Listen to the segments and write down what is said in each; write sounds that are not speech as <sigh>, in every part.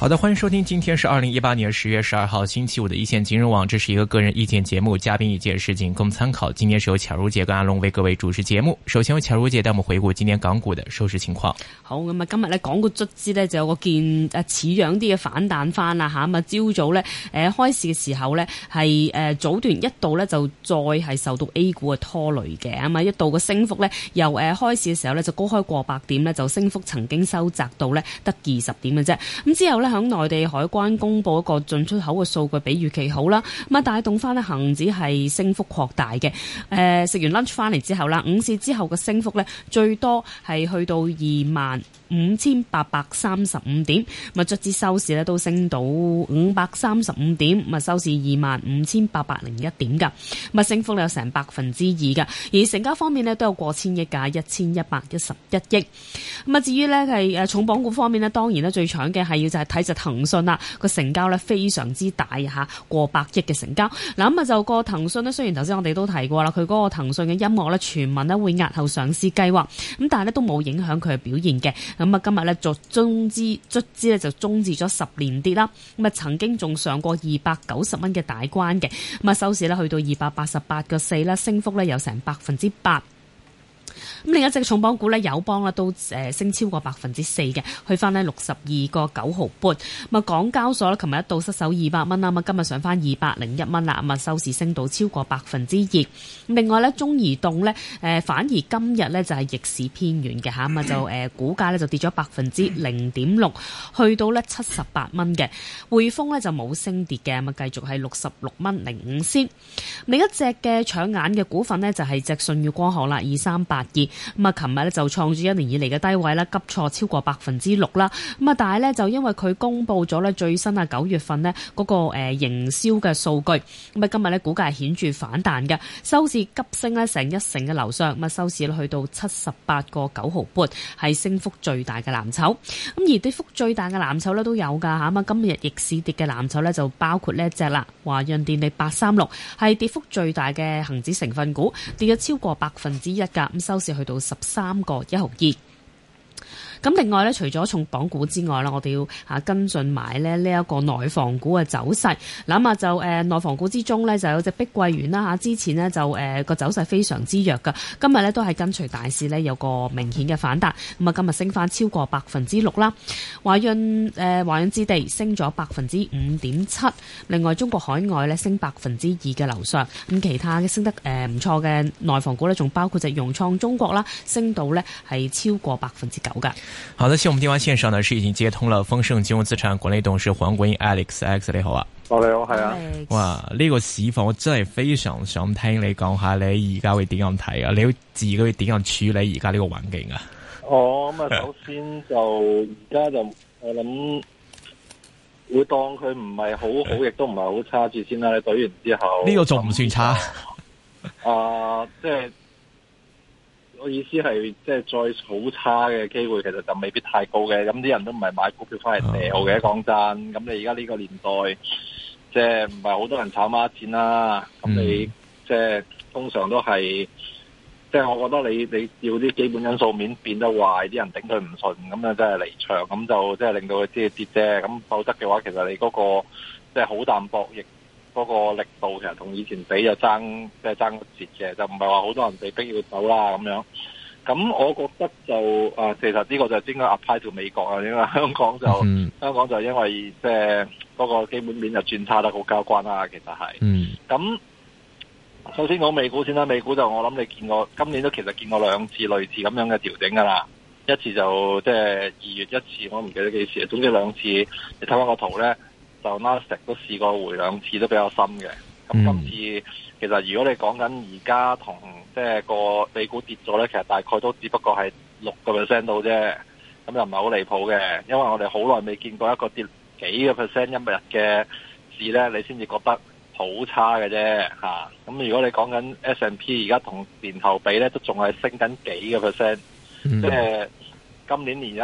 好的，歡迎收聽，今天是二零一八年十月十二號星期五的一綫金融網，這是一個個人意見節目，嘉賓意見是僅供參考。今天是由巧如姐跟阿龍為各位主持節目。首先由巧如姐帶我們回顧今天港股的收市情況。好咁啊、嗯，今日港股卒之呢，呢就有個見啊、呃、似樣啲嘅反彈翻啦吓，咁啊朝、嗯、早，早呢，誒、呃、開市嘅時候呢，係誒、呃、早段一度呢，就再係受到 A 股嘅拖累嘅，咁啊、嗯、一度嘅升幅呢，由誒、呃、開市嘅時候呢，就高開過百點呢，就升幅曾經收窄到呢，得二十點嘅啫，咁、嗯、之後呢。響內地海關公布一個進出口嘅數據比預期好啦，咁啊帶動翻咧恒指係升幅擴大嘅。誒、呃、食完 lunch 翻嚟之後啦，午市之後嘅升幅呢，最多係去到二萬五千八百三十五點，咁啊卒之收市呢都升到五百三十五點，咁啊收市二萬五千八百零一點噶，咪升幅有成百分之二噶。而成交方面呢，都有過千億噶，一千一百一十一億。咁啊至於呢，係誒重磅股方面呢，當然呢最搶嘅係要就係、是就騰訊啦，個成交呢非常之大吓，過百億嘅成交。嗱咁啊，就個騰訊呢，雖然頭先我哋都提過啦，佢嗰個騰訊嘅音樂呢，全民呢會押後上市計劃，咁但係呢都冇影響佢嘅表現嘅。咁啊，今日呢，就終之卒之呢，就終止咗十年跌啦。咁啊，曾經仲上過二百九十蚊嘅大關嘅，咁啊，收市呢去到二百八十八個四啦，升幅呢有成百分之八。.咁另一隻重磅股咧，友邦啦，都升超過百分之四嘅，去翻呢六十二個九毫半。咁啊，港交所呢琴日一度失守二百蚊，咁今日上翻二百零一蚊啦，咁啊收市升到超過百分之二。另外呢中移動呢反而今日呢就係逆市偏軟嘅嚇，咁啊就誒股價呢就跌咗百分之零點六，去到呢七十八蚊嘅。匯豐呢就冇升跌嘅，咁啊繼續係六十六蚊零五先。另一隻嘅搶眼嘅股份呢就係隻舜宇光學啦，二三八二。咁啊，琴日就創住一年以嚟嘅低位啦，急挫超過百分之六啦。咁啊，但係呢，就因為佢公布咗呢最新啊九月份呢、那、嗰個誒營銷嘅數據，咁啊今日呢股價係顯著反彈嘅，收市急升呢成一成嘅樓上，咁啊收市去到七十八個九毫半，係升幅最大嘅藍籌。咁而跌幅最大嘅藍籌呢都有噶吓，咁今日逆市跌嘅藍籌呢就包括呢一隻啦，華潤電力八三六係跌幅最大嘅恒指成分股，跌咗超過百分之一噶，咁收市。去到十三個一毫二。 <music> 咁另外咧，除咗重磅股之外啦，我哋要吓跟進埋呢一個內房股嘅走勢。咁啊，就誒內房股之中呢，就有隻碧桂園啦吓之前呢，就誒個走勢非常之弱噶，今日呢，都係跟隨大市呢有個明顯嘅反彈。咁啊，今日升翻超過百分之六啦。華潤誒華潤置地升咗百分之五點七。另外中國海外呢升百分之二嘅樓上。咁其他嘅升得誒唔錯嘅內房股呢，仲包括就融創中國啦，升到呢係超過百分之九噶。好的，先我們電話線上呢，是已經接通了豐盛金融資產管理董事黃國英 a l e x a x 你好啊，哦，你好係啊，哇呢、這個市況我真係非常想聽你講一下，你而家會點樣睇啊？你會自己會點樣處理而家呢個環境啊？哦，咁、嗯、啊，首先就而家就我諗會當佢唔係好好，亦都唔係好差住先啦。你懟完之後呢、這個仲唔算差啊？即係。我意思係，即係再好差嘅機會，其實就未必太高嘅。咁啲人都唔係買股票翻嚟炒嘅，講真。咁你而家呢個年代，即係唔係好多人炒孖展啦。咁你即係通常都係，即係我覺得你你要啲基本因素面變得壞，啲人頂佢唔順，咁啊真係離場，咁就即係令到佢即係跌啫。咁否則嘅話，其實你嗰、那個即係好淡博弈。嗰個力度其實同以前比就爭，即係爭一截嘅，就唔係話好多人被逼要走啦咁樣。咁我覺得就啊，其實呢個就應該 apply 到美國啊，因為香港就、嗯、香港就因為即係嗰個基本面就轉差得好交關啦。其實係。咁、嗯、首先講美股先啦，美股就我諗你見過今年都其實見過兩次類似咁樣嘅調整㗎啦，一次就即係二月，一次我唔記得幾時，總之兩次。你睇翻個圖咧。就納斯達克都試過回兩次都比較深嘅，咁、嗯、今次其實如果你講緊而家同即係個美股跌咗咧，其實大概都只不過係六個 percent 度啫，咁又唔係好離譜嘅，因為我哋好耐未見過一個跌幾個 percent 一日嘅市咧，你先至覺得好差嘅啫吓，咁如果你講緊 S&P 而家同年頭比咧，都仲係升緊幾個 percent、嗯、即係今年年一。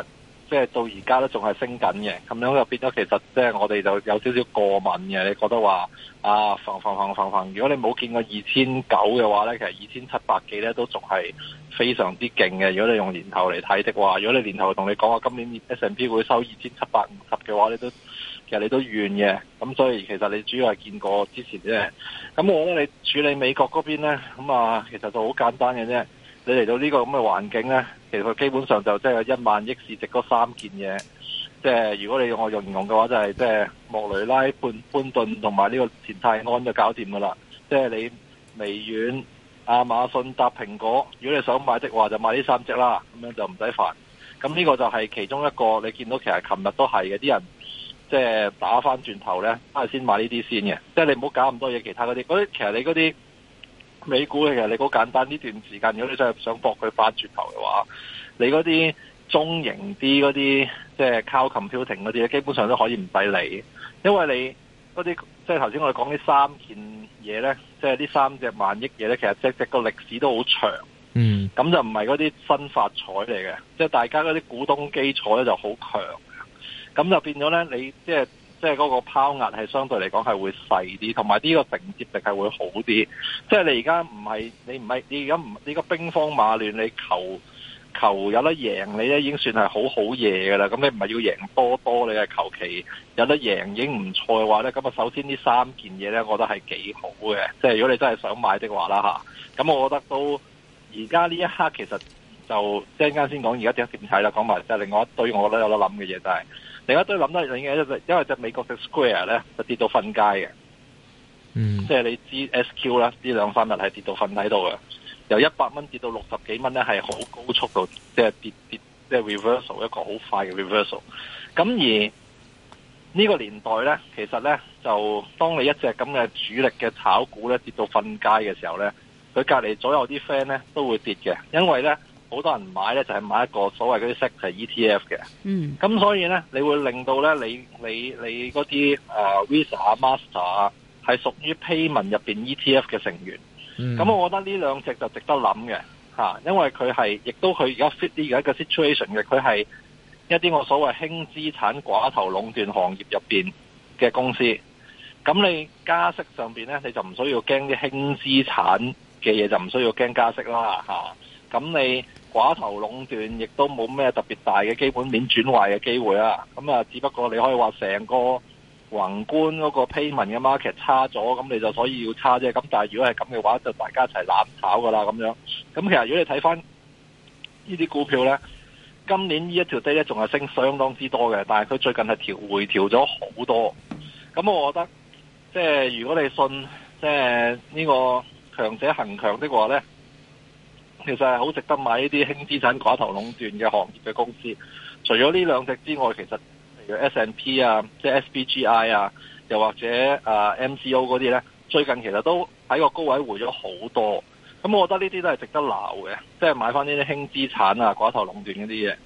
即係到而家都仲係升緊嘅，咁樣就變咗其實即係我哋就有少少過敏嘅。你覺得話啊，逢逢逢逢逢，如果你冇見過二千九嘅話呢，其實二千七百幾呢都仲係非常之勁嘅。如果你用年頭嚟睇的話，如果你年頭同你講話今年 S&P 會收二千七百五十嘅話，你都其實你都怨嘅。咁所以其實你主要係見過之前啫。咁我覺得你處理美國嗰邊呢，咁啊，其實就好簡單嘅啫。你嚟到呢個咁嘅環境呢，其實佢基本上就即係一萬億市值嗰三件嘢，即係如果你用我形容嘅話，就係即係莫雷拉、半半頓同埋呢個前泰安就搞掂噶啦。即係你微軟、亞馬遜、搭蘋果，如果你想買的話，就買呢三隻啦，咁樣就唔使煩。咁呢個就係其中一個你見到，其實琴日都係嘅，啲人即係打翻轉頭呢，都係先買呢啲先嘅。即係你唔好搞咁多嘢，其他嗰啲嗰啲，其實你嗰啲。美股其實你好簡單，呢段時間如果你真係想搏佢翻轉頭嘅話，你嗰啲中型啲嗰啲，即係靠 computing 嗰啲，基本上都可以唔使理，因為你嗰啲即係頭先我哋講呢三件嘢咧，即係呢三隻萬億嘢咧，其實即係個歷史都好長，嗯，咁就唔係嗰啲新發財嚟嘅，即係大家嗰啲股東基礎咧就好強，咁就變咗咧你即係。就是。即係嗰個拋壓係相對嚟講係會細啲，同埋呢個承接力係會好啲。即係你而家唔係你唔係你而家唔呢個兵荒馬亂，你求求有得贏你咧已經算係好好嘢㗎啦。咁你唔係要贏多多，你係求其有得贏已經唔錯嘅話咧。咁啊，首先呢三件嘢咧，我覺得係幾好嘅。即係如果你真係想買的話啦吓。咁我覺得都而家呢一刻其實就即係啱先講而家點點睇啦，講埋即係另外一堆我都有得諗嘅嘢就係、是。大家都諗得已經，因為隻美國隻 Square 咧，就跌到瞓街嘅、嗯，即係你知 SQ 啦，呢兩三日係跌到瞓喺度嘅，由一百蚊跌到六十幾蚊咧，係好高速度，即係跌跌，即係 reversal 一個好快嘅 reversal。咁而呢個年代咧，其實咧就當你一隻咁嘅主力嘅炒股咧跌到瞓街嘅時候咧，佢隔離左右啲 friend 咧都會跌嘅，因為咧。好多人買咧，就係買一個所謂嗰啲 set 係 E T F 嘅。嗯，咁所以咧，你會令到咧，你你你嗰啲呃 Visa 啊、Master 啊，係屬於 payment 入面 E T F 嘅成員。咁、嗯、我覺得呢兩隻就值得諗嘅、啊、因為佢係亦都佢而家 fit 呢個一個 situation 嘅，佢係一啲我所謂輕資產寡頭壟斷行業入面嘅公司。咁你加息上面咧，你就唔需要驚啲輕資產嘅嘢，就唔需要驚加息啦、啊。咁你寡頭壟斷亦都冇咩特別大嘅基本面轉壞嘅機會啦，咁啊只不過你可以話成個宏觀嗰個批文嘅 market 差咗，咁你就所以要差啫。咁但係如果係咁嘅話，就大家一齊攬炒噶啦咁樣。咁其實如果你睇翻呢啲股票呢，今年呢一條低呢仲係升相當之多嘅，但係佢最近係調回調咗好多。咁我覺得即係、就是、如果你信即係呢個強者恒強的話呢。其實係好值得買呢啲輕資產寡頭壟斷嘅行業嘅公司。除咗呢兩隻之外，其實 S&P 啊，即係 SPGI 啊，又或者啊 M C O 嗰啲呢，最近其實都喺個高位回咗好多。咁我覺得呢啲都係值得撈嘅，即係買翻呢啲輕資產啊、寡頭壟斷嗰啲嘢。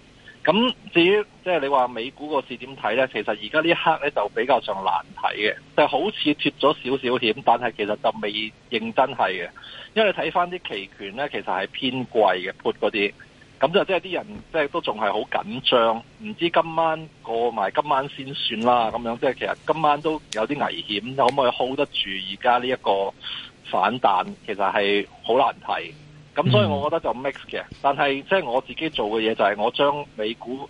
咁至於即係、就是、你話美股個市點睇咧？其實而家呢一刻咧就比較上難睇嘅，就好似脫咗少少險，但係其實就未認真係嘅。因為你睇翻啲期權咧，其實係偏貴嘅，put 嗰啲。咁就即係啲人即係、就是、都仲係好緊張，唔知今晚過埋今晚先算啦。咁樣即係、就是、其實今晚都有啲危險，可唔可以 hold 得住而家呢一個反彈？其實係好難睇。咁、嗯、所以我覺得就 mix 嘅，但係即係我自己做嘅嘢就係我將美股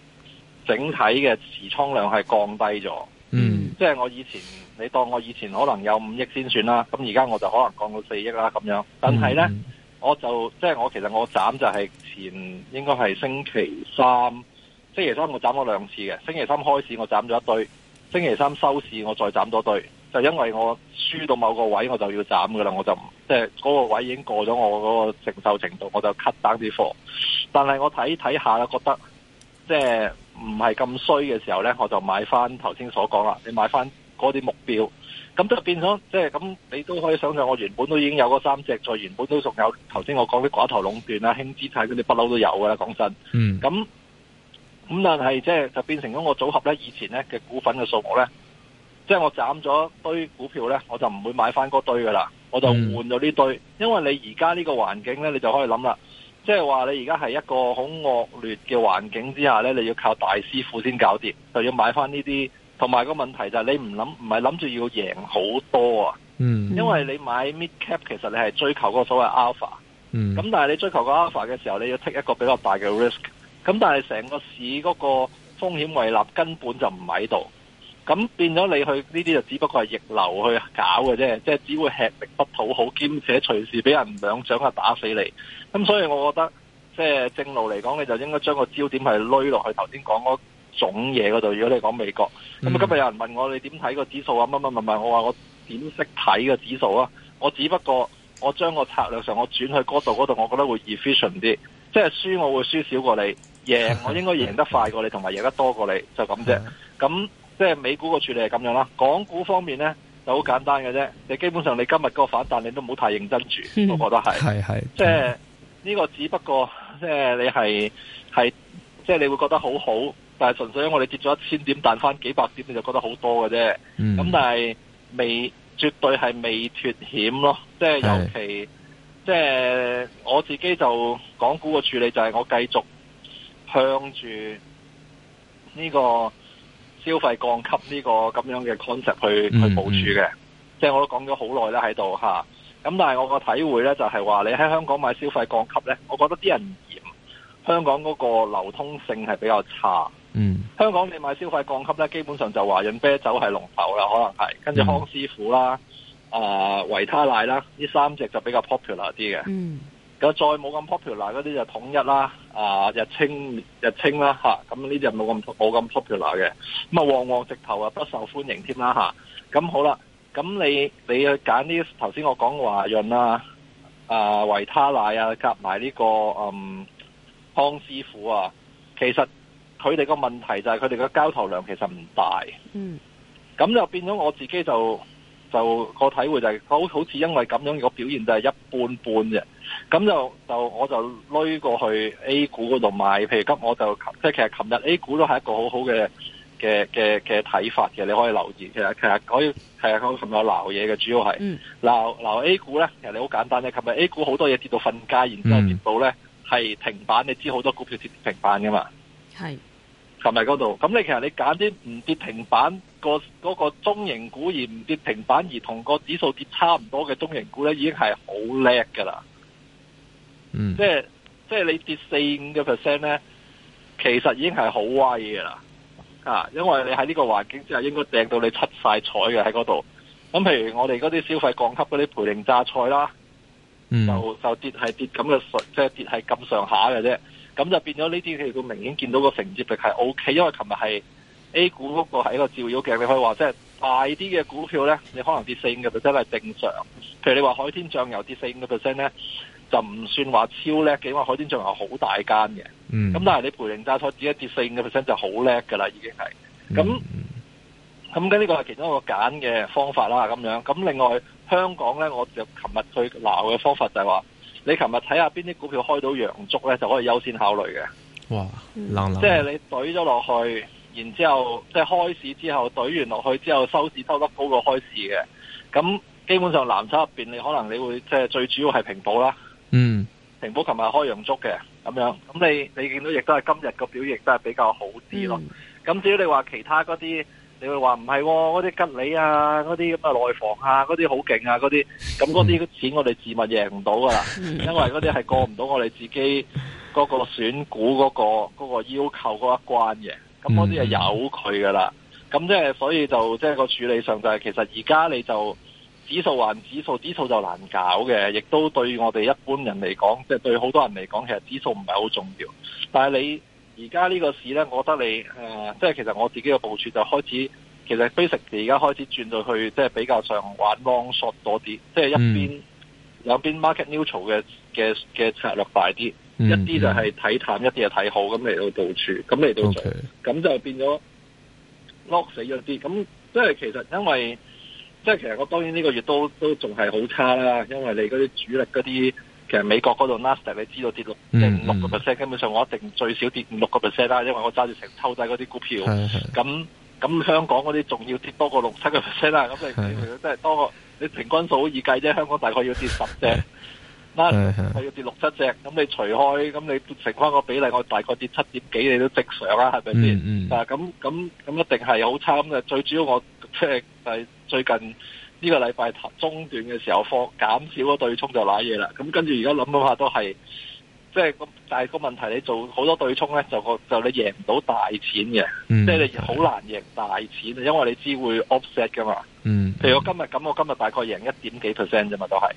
整體嘅持倉量係降低咗，嗯，即、就、係、是、我以前你當我以前可能有五億先算啦，咁而家我就可能降到四億啦咁樣，但係咧、嗯、我就即係、就是、我其實我斬就係前應該係星期三，星期三我斬咗兩次嘅，星期三開市我斬咗一堆，星期三收市我再斬多一堆。就因為我輸到某個位我就要斬㗎啦，我就即係嗰個位已經過咗我嗰個承受程度，我就 cut 單啲貨。但係我睇睇下啦，覺得即係唔係咁衰嘅時候咧，我就買翻頭先所講啦，你買翻嗰啲目標，咁就變咗即係咁，就是、你都可以想象我原本都已經有嗰三隻再原本都仲有頭先我講啲寡頭壟斷啊、輕資產嗰啲不嬲都有㗎啦，講真。嗯。咁咁，但係即係就變成咗我組合咧，以前咧嘅股份嘅數目咧。即係我斬咗一堆股票呢，我就唔會買翻嗰堆噶啦，我就換咗呢堆，嗯。因為你而家呢個環境呢，你就可以諗啦，即係話你而家係一個好惡劣嘅環境之下呢，你要靠大師傅先搞掂，就要買翻呢啲。同埋個問題就係你唔諗，唔係諗住要贏好多啊。嗯。因為你買 mid cap 其實你係追求個所謂 alpha。嗯。咁但係你追求個 alpha 嘅時候，你要 take 一個比較大嘅 risk。咁但係成個市嗰個風險位立根本就唔喺度。咁變咗你去呢啲就只不過係逆流去搞嘅啫，即係只會吃力不討好，兼且隨時俾人兩掌啊打死你。咁所以我覺得即係正路嚟講，你就應該將個焦點係攆落去頭先講嗰種嘢嗰度。如果你講美國，咁今日有人問我你點睇個指數呀？乜乜乜乜，我話我點識睇個指數呀？我只不過我將個策略上我轉去嗰度嗰度，我覺得會 efficient 啲，即係輸我會輸少過你，贏我應該贏得快過你，同埋贏得多過你，就咁啫。咁.即係美股個處理係咁樣啦，港股方面咧就好簡單嘅啫。你基本上你今日嗰個反彈，你都唔好太認真住，我都覺得係。係 <laughs> 係，即係呢、這個只不過即係你係係，即係你，你會覺得好好，但係純粹因為你跌咗一千點，彈翻幾百點，你就覺得好多嘅啫。咁、嗯、但係未絕對係未脫險咯。即係尤其，即係我自己就港股個處理就係我繼續向住呢、這個。消費降級呢個咁樣嘅 concept 去去部署嘅，即、嗯、係、嗯、我都講咗好耐啦喺度嚇，咁但係我個體會呢，就係話，你喺香港買消費降級呢，我覺得啲人嫌香港嗰個流通性係比較差。嗯，香港你買消費降級呢，基本上就華潤啤酒係龍頭啦，可能係跟住康師傅啦、啊、呃、維他奶啦，呢三隻就比較 popular 啲嘅。嗯。個再冇咁 popular 嗰啲就統一啦，啊日清日清啦嚇，咁呢啲又冇咁冇咁 popular 嘅，咁啊旺旺直頭啊不受歡迎添啦嚇，咁好啦，咁你你去揀呢頭先我講華潤啦，啊，啊，啊維他奶啊，夾埋呢個嗯康師傅啊，其實佢哋個問題就係佢哋個交投量其實唔大，嗯，咁就變咗我自己就。就個體會就係、是、好好似因為咁樣個表現就係一般般嘅，咁就就我就攣過去 A 股嗰度賣。譬如今我就即係其實琴日 A 股都係一個好好嘅嘅嘅嘅睇法嘅，你可以留意。其實可以其實我係啊，琴日鬧嘢嘅主要係鬧鬧 A 股咧。其實你好簡單嘅。琴日 A 股好多嘢跌到瞓街，嗯，然之後跌到咧係停板，你知好多股票跌跌停板噶嘛。係。咁咪嗰度？咁你其實你揀啲唔跌停板個嗰個中型股，而唔跌停板而同個指數跌差唔多嘅中型股咧，已經係好叻噶啦。嗯。即係即係你跌四五個 percent 咧，其實已經係好威噶啦。啊，因為你喺呢個環境之下，應該掟到你七晒彩嘅喺嗰度。咁譬如我哋嗰啲消費降級嗰啲涪陵榨菜啦，就跌跌就是，跌係跌咁嘅，即係跌係咁上下嘅啫。咁就變咗呢啲，譬如佢明顯見到個承接力係 O K，因為琴日係 A 股嗰個係一個照妖鏡，你可以話即係大啲嘅股票咧，你可能跌四五嘅 percent 係正常。譬如你話海天醬油跌四五個 percent 咧，就唔算話超叻嘅，因為海天醬油好大間嘅。嗯，咁但係你涪陵榨菜只一跌四五個 percent 就好叻嘅啦，已經係。咁咁跟呢個係其中一個揀嘅方法啦，咁樣。咁另外香港咧，我就琴日去鬧嘅方法就係話。你琴日睇下邊啲股票開到陽燭咧，就可以優先考慮嘅。哇，嗯、即係你懟咗落去，然之後即係開市之後懟完落去之後收市收得高過開市嘅。咁基本上藍籌入邊，你可能你會即係最主要係平保啦。嗯，平保琴日開陽燭嘅，咁樣咁你你見到亦都係今日個表現都係比較好啲咯。咁、嗯、至於你話其他嗰啲。你會話唔係喎？嗰啲吉利啊，嗰啲咁嘅內房啊，嗰啲好勁啊，嗰啲咁嗰啲錢我哋自問贏唔到噶啦，因為嗰啲係過唔到我哋自己嗰個選股嗰、那個嗰個嗰、嗰個要求嗰一關嘅。咁嗰啲係有佢噶啦。咁即係所以就即係、就係、個處理上就係、係、其實而家你就指數還指數，指數就難搞嘅。亦都對我哋一般人嚟講，即、就、係、係、對好多人嚟講，其實指數唔係好重要。但係你。而家呢個市咧，我覺得你、呃、即係其實我自己嘅部署就開始，其實 basic 而家開始轉到去即係比較上玩 long short 多啲，即係一邊有、嗯、兩邊 market neutral 嘅嘅嘅策略快啲、嗯，一啲就係睇淡，一啲就睇好咁嚟到到處，咁嚟到咁就變咗 lock 死咗啲。咁即係其實因為即係其實我當然呢個月都都仲係好差啦，因為你嗰啲主力嗰啲。其實美國嗰度 Nasdaq 你知道跌六跌五個 percent，基本上我一定最少跌五六個 percent 啦，因為我揸住成抽仔嗰啲股票，咁咁香港嗰啲仲要跌多過六七個 percent 啦，咁你即係多過你平均數好易計啫，香港大概要跌十隻，嗱我要跌六七隻，咁你除開咁你乘翻個比例，我大概跌七點幾，你都正常啊，係咪先？啊、嗯，咁咁咁一定係好差咁啊，最主要我即係係最近。呢、這個禮拜中段嘅時候，放減少咗對沖就瀨嘢啦。咁跟住而家諗諗下，都係即係。但係個問題，你做好多對沖咧，就就你贏唔到大錢嘅，嗯，即係你好難贏大錢啊。因為你知會 offset 噶嘛。嗯。譬如我今日咁，我今日大概贏一點幾 percent 啫嘛，都係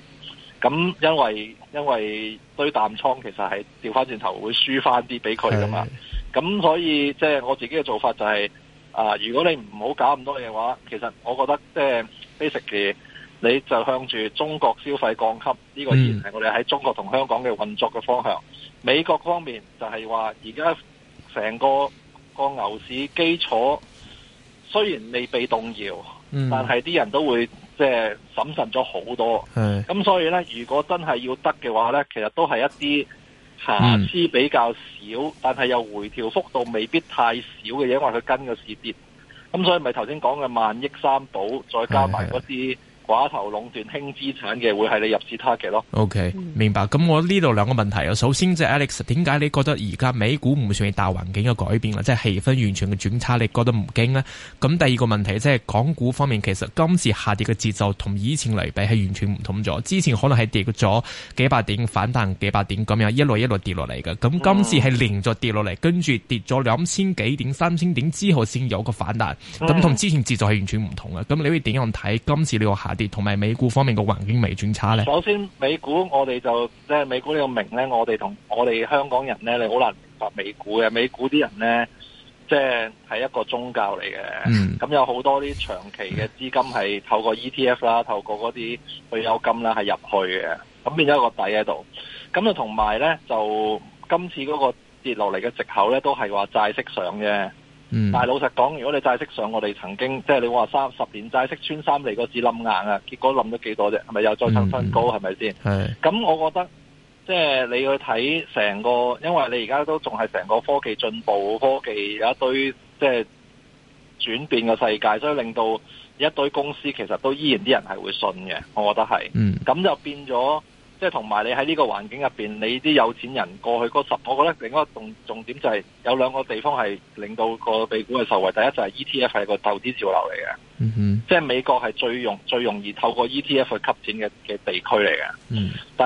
咁。因為因為堆淡倉其實係掉翻轉頭會輸翻啲俾佢噶嘛。咁所以即係、就是、我自己嘅做法就係、是、啊、呃，如果你唔好搞咁多嘢嘅話，其實我覺得即係。呃非食嘅你就向住中國消費降級呢、嗯，這個然係我哋喺中國同香港嘅運作嘅方向。美國方面就係話而家成個個牛市基礎雖然未被動搖，嗯、但係啲人都會即係審慎咗好多。咁所以咧，如果真係要得嘅話咧，其實都係一啲瑕疵比較少，嗯、但係又回調幅度未必太少嘅嘢，因為佢跟個市跌。咁、嗯、所以咪頭先講嘅萬億三保，再加埋嗰啲。寡頭壟斷輕資產嘅會係你入市 target 咯。OK 明白。咁我呢度兩個問題啊。首先即係 Alex 點解你覺得而家美股唔會算係大環境嘅改變啊？即係氣氛完全嘅轉差，你覺得唔驚呢？咁第二個問題即係港股方面，其實今次下跌嘅節奏同以前嚟比係完全唔同咗。之前可能係跌咗幾百點反彈幾百點咁樣，一路一路跌落嚟嘅。咁今次係連續跌落嚟，跟住跌咗兩千幾點、三千點之後先有個反彈。咁同之前節奏係完全唔同嘅。咁你會點樣睇今次呢個下？同埋美股方面嘅環境未轉差咧。首先美股我哋就即係美股呢個名呢，我哋同我哋香港人呢，你好難明白美股嘅美股啲人呢，即係係一個宗教嚟嘅。咁、嗯、有好多啲長期嘅資金係透過 ETF 啦、嗯，透過嗰啲退休金啦，係入去嘅。咁變咗個底喺度。咁啊，同埋呢，就今次嗰個跌落嚟嘅借口呢，都係話債息上嘅。嗯，但係老實講，如果你債息上，我哋曾經即係你話三十年債息穿三嚟個字冧硬啊，結果冧咗幾多啫？係咪又再創新高？係咪先？係，咁我覺得即係你去睇成個，因為你而家都仲係成個科技進步、科技有一堆即係轉變嘅世界，所以令到一堆公司其實都依然啲人係會信嘅，我覺得係。嗯，咁就變咗。即係同埋你喺呢個環境入邊，你啲有錢人過去嗰十，我覺得另一個重重點就係有兩個地方係令到個美股嘅受惠。第一就係 ETF 係個投資潮流嚟嘅，即、mm-hmm. 係美國係最容最容易透過 ETF 去吸錢嘅嘅地區嚟嘅。Mm-hmm. 第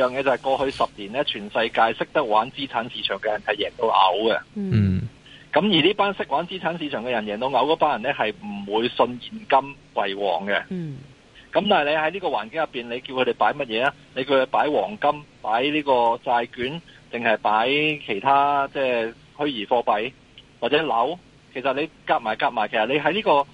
二樣嘢就係過去十年咧，全世界識得玩資產市場嘅人係贏到嘔嘅。嗯，咁而呢班識玩資產市場嘅人贏到嘔嗰班人咧，係唔會信現金為王嘅。嗯、mm-hmm.。咁但係你喺呢個環境入邊，你叫佢哋擺乜嘢啊？你叫佢擺黃金、擺呢個債券，定係擺其他即係虛擬貨幣或者樓？其實你夾埋夾埋，其實你喺呢個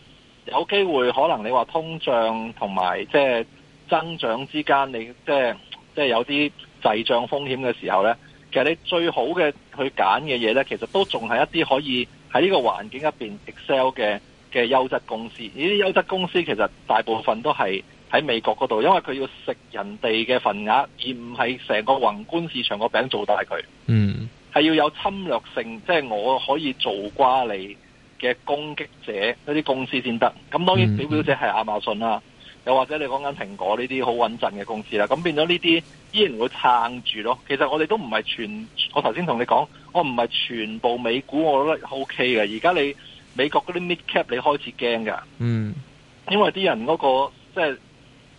有機會可能你話通脹同埋即係增長之間、就是，你即係即係有啲滯脹風險嘅時候咧，其實你最好嘅去揀嘅嘢咧，其實都仲係一啲可以喺呢個環境入邊 excel 嘅嘅優質公司，呢啲優質公司其實大部分都係喺美國嗰度，因為佢要食人哋嘅份額，而唔係成個宏觀市場個餅做大佢。嗯，係要有侵略性，即係我可以做瓜你嘅攻擊者嗰啲公司先得。咁當然表表姐係亞馬遜啦，又、嗯、或者你講緊蘋果呢啲好穩陣嘅公司啦。咁變咗呢啲依然會撐住咯。其實我哋都唔係全，我頭先同你講，我唔係全部美股，我覺得 O K 嘅。而家你。美國嗰啲 mid cap 你開始驚噶，嗯，因為啲人嗰、嗰個即係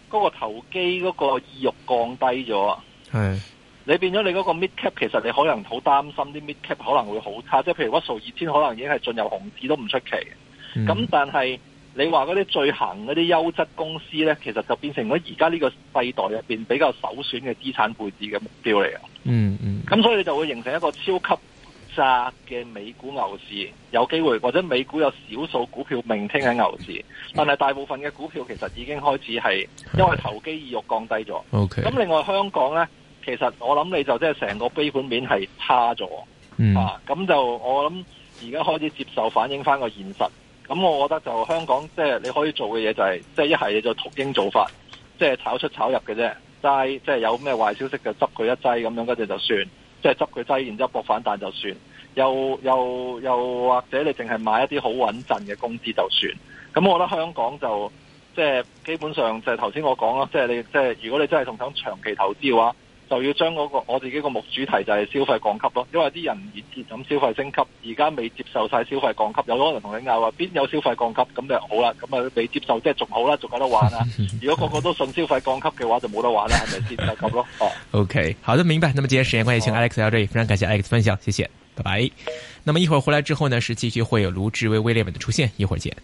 嗰個投機嗰個意慾降低咗啊，係，你變咗你嗰個 mid cap 其實你可能好擔心啲 mid cap 可能會好差，即係譬如羅素二千可能已經係進入熊市都唔出奇，咁、嗯、但係你話嗰啲最行嗰啲優質公司咧，其實就變成咗而家呢個世代入邊比較首選嘅資產配置嘅目標嚟啊，嗯嗯，咁所以你就會形成一個超級。嘅美股牛市有機會或者美股有少數股票明天嘅牛市，但係大部分嘅股票其實已經開始係，因為投機意欲降低咗。O K。咁另外香港咧，其實我諗你就即係成個基本面係差咗，嗯，啊咁就我諗而家開始接受反映翻個現實。咁我覺得就香港即係、就是、你可以做嘅嘢就係即係一係你就禿鷹做法，即、就、係、是、炒出炒入嘅啫，齋，即係有咩壞消息就執佢一劑咁樣跟住就算，即係執佢劑然之後搏反彈就算。又又又或者你淨係買一啲好穩陣嘅工資就算，咁我覺得香港就即係基本上就係頭先我講啦，即係你即係如果你真係想長期投資嘅話，就要將嗰個我自己個目主題就係消費降級咯，因為啲人唔願意咁消費升級，而家未接受晒消費降級，有可能同你嗌話邊有消費降級，咁就好啦，咁啊未接受即係仲好啦，仲有得玩啦 <laughs> 如果個個都信消費降級嘅話，就冇得玩啦，係咪先咁咯？哦、 <laughs> oh.，OK，好的，明白。那麼今日時間關係，請 Alex 到這裏，非常感謝 Alex 分享，謝謝。拜拜。那麼一會兒回來之後呢，是繼續會有盧志威、威廉姆的出現。一會兒見。